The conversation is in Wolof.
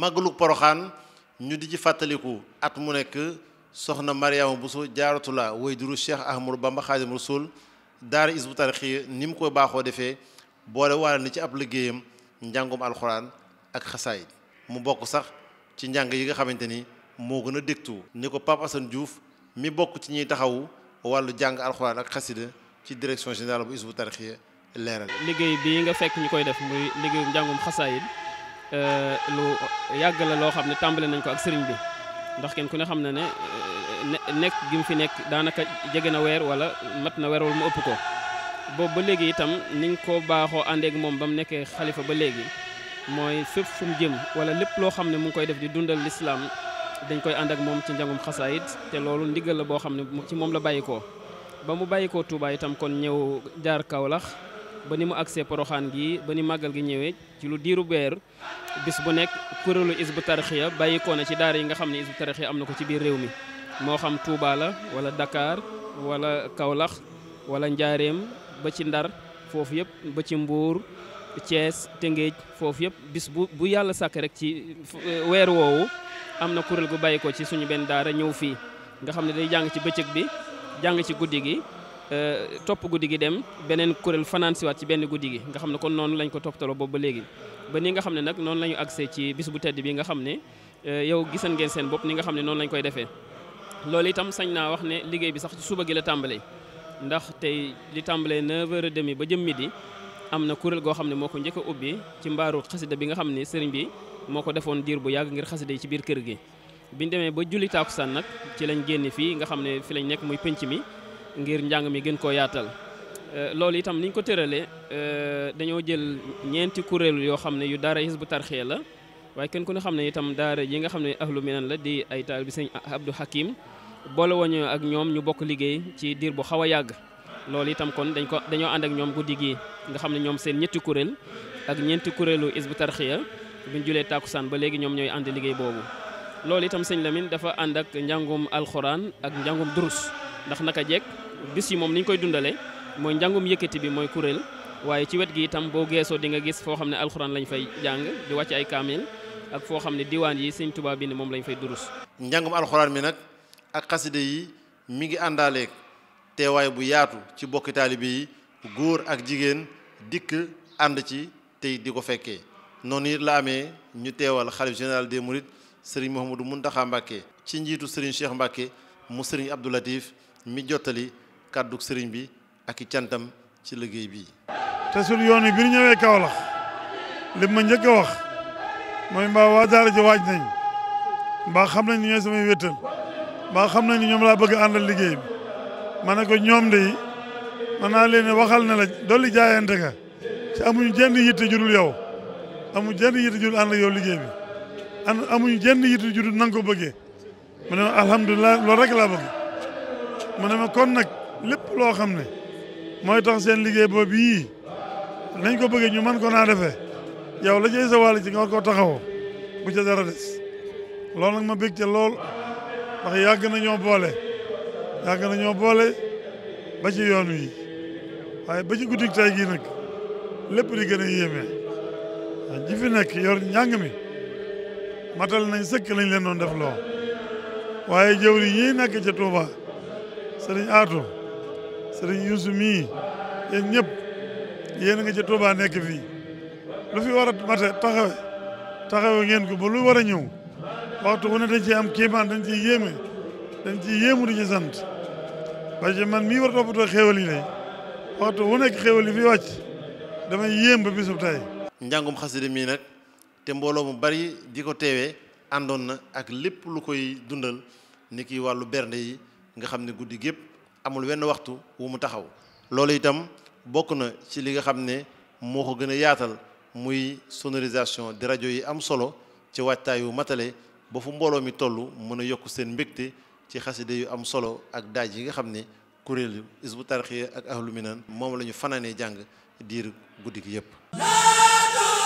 màggalu poroxaan ñu di ci fàttaliku at mu nekk soxna bu Bousso jaaratula waajuru Cheikh Ahmadou Bamba Xaadimu Rasuul daara Hizbut Tarqiyyah ni mu ko baaxoo defee boole waale ni ci ab liggéeyam njàngum alxuraan ak xasaayid mu bokk sax ci njàng yi nga xamante ni moo gën a dégtu ni ko Pape Assane mi bokk ci ñuy taxawu wàllu jàng alxuraan ak xasida ci direction générale bu Hizbut Tarqiyyah leeral liggéey bii nga fekk ñu koy def muy liggéeyu njàngum xasaayid Euh, lu yàgg la loo xam ne tàmbale nañ ko ak sëriñ bi ndax kenn ku ne xam na euh, ne nekk gi mu fi nekk daanaka jege na weer wala mat na weer wala mu ëpp ko boobu ba léegi itam niñ ko baaxoo àndeek moom ba mu nekkee xalifa ba léegi mooy fépp fu mu jëm wala lépp loo xam ne mu ngi koy def di dundal lislaam dañ koy ànd ak moom ci njàngum xasaayit te loolu ndigal la boo xam ne ci moom la bàyyikoo ba mu bàyyi bàyyikoo tuubaay itam kon ñëw jaar Kaolack ba ni mu agsee poroxaan gi ba ni màggal gi ñëwee ci lu diiru weer bis bu nekk kuréelu isbu tarxiya bàyyi ko na ci daara yi nga xam ne isbu tarxiya am na ko ci biir réew mi moo xam Touba la wala Dakar wala Kaolax wala Njaareem ba ci Ndar foofu yëpp ba ci Mbuur Thiès Tëngéej foofu yëpp bis bu bu yàlla sàkk rek ci euh, weer woowu am na kuréel gu bàyyi ko ci suñu benn daara ñëw fii nga xam ne day jàng ci bëccëg bi jàng ci guddi gi Euh, topp guddi gi dem beneen kuréel fanaan siwaat ci benn guddi gi nga xam ne kon noonu lañ ko topptaloo boobu ba léegi ba ni nga xam ne nag noonu la ñu ci bis bu tedd bi nga xam ne euh, yow gisan ngeen seen bopp ni nga xam ne noonu lañ koy defee loolu itam sañ naa wax ne liggéey bi sax ci suba gi la tàmbalee ndax tey li tàmbalee 9 h ba jëm midi am na kuréel goo xam ne moo ko njëkk ubbi ci mbaaru xasida bi nga xam ne sëriñ bi moo ko defoon diir bu yàgg ngir xasida yi ci biir kër gi biñ demee ba julli taakusaan nag ci lañ génn fii nga xam ne fi lañ nekk muy penc mi ngir njàng mi gën koo yaatal euh, loolu itam niñ ko tëralee euh, dañoo jël ñeenti kuréel yoo xam ne yu daara Hizbut Tarqiyyah la waaye kenn ko ne xam ne itam daara yi nga xam ne ahlu minan la di ay taal bi sëñ Abdou Hakim boole woñu ak ñoom ñu bokk liggéey ci diir bu xaw a yàgg loolu itam kon dañ ko dañoo ànd ak ñoom guddi gi nga xam ne ñoom seen ñetti kuréel ak ñeenti kuréelu Hizbut Tarqiyyah buñ julee tàkkusaan ba léegi ñoom ñooy ànd liggéey boobu loolu itam sëñ Lamine dafa ànd ak njàngum alxuraan ak njàngum durus ndax naka jekk bis yi moom ni koy dundale mooy njàngum yëkkati bi mooy kuréel waaye ci wet gi itam boo geesoo di nga gis foo xam ne alxuraan lañ fay jàng di wàcc ay kaamil ak foo xam ne diwaan yi sëñ Tuubaa bind moom lañu fay durus. njàngum alxuraan mi nag ak xasida yi mi ngi àndaaleeg teewaay bu yaatu ci bokki taalibe yi góor ak jigéen dikk ànd ci tey di ko fekkee noonu it la amee ñu teewal xalif général des mourides sëriñ Mouhamadou Mountakha Mbacké ci njiitu sëriñ Cheikh Mbacké mu sëriñ Abdou Latif mi jottali. kàddug sëriñ bi ak i cantam ci liggéey bi te sul yoon bi ñu ñëwee Kaolack li ma njëkk a wax mooy mbaa waa daara ji waaj nañ mbaa xam nañ ni ñooy samay xam nañ ni ñoom laa bëgg àndal liggéey bi ma ne ko ñoom dey mën naa leen waxal na la dolli jaayante nga ci amuñu jenn yitte judul yow amuñu jenn yitte judul ànd ak yow liggéey bi an amuñu na ko ne ma loolu rek laa bëgg mu ne ma kon nag lépp loo xam ne mooy tax seen liggéey boobu yii nañ ko bëggee ñu man ko naa defee yow la jëy sa wàll ci nga koo taxawoo bu ca dara des loolu nag ma bég ca lool ndax yàgg na ñoo boole yàgg na ñoo boole ba ci yoon wi waaye ba ci guddik tay gii nag lépp di gën a yéeme waaw ji fi nekk yor njàng mi matal nañ sëkk lañ leen doon def loo waaye jëwri ñi nekk ca Touba sëriñ Aatu sëriñ Youssou mii yéen ñëpp yéen nga ci Touba nekk fii lu fi war a mate taxawe taxawe ngeen ko ba lu war a ñëw waxtu wu ne dañ ciy am dañ ciy yéeme ci sant parce que man mii war a toppatoo xéewal yi lay nekk xéewal yi fi wàcc damay yéem ba bisub tey njàngum xasida mii nag te mbooloo mu bari di ko teewee àndoon na ak lépp lu koy dundal ni ki wàllu bernde yi nga xam ne guddi gépp amul wenn waxtu wu mu taxaw loolu itam bokk na ci li nga xam ne moo ko gën a yaatal muy sonorisation di rajo yi am solo ci waajtaayu matale ba fu mbooloo mi toll mën a yokk seen mbégte ci xaside yu am solo ak daaj yi nga xam ne kuréelu Hizbut Tarqiyyah ak ahlu minan moom lañu fanaanee jàng diir guddi gi yépp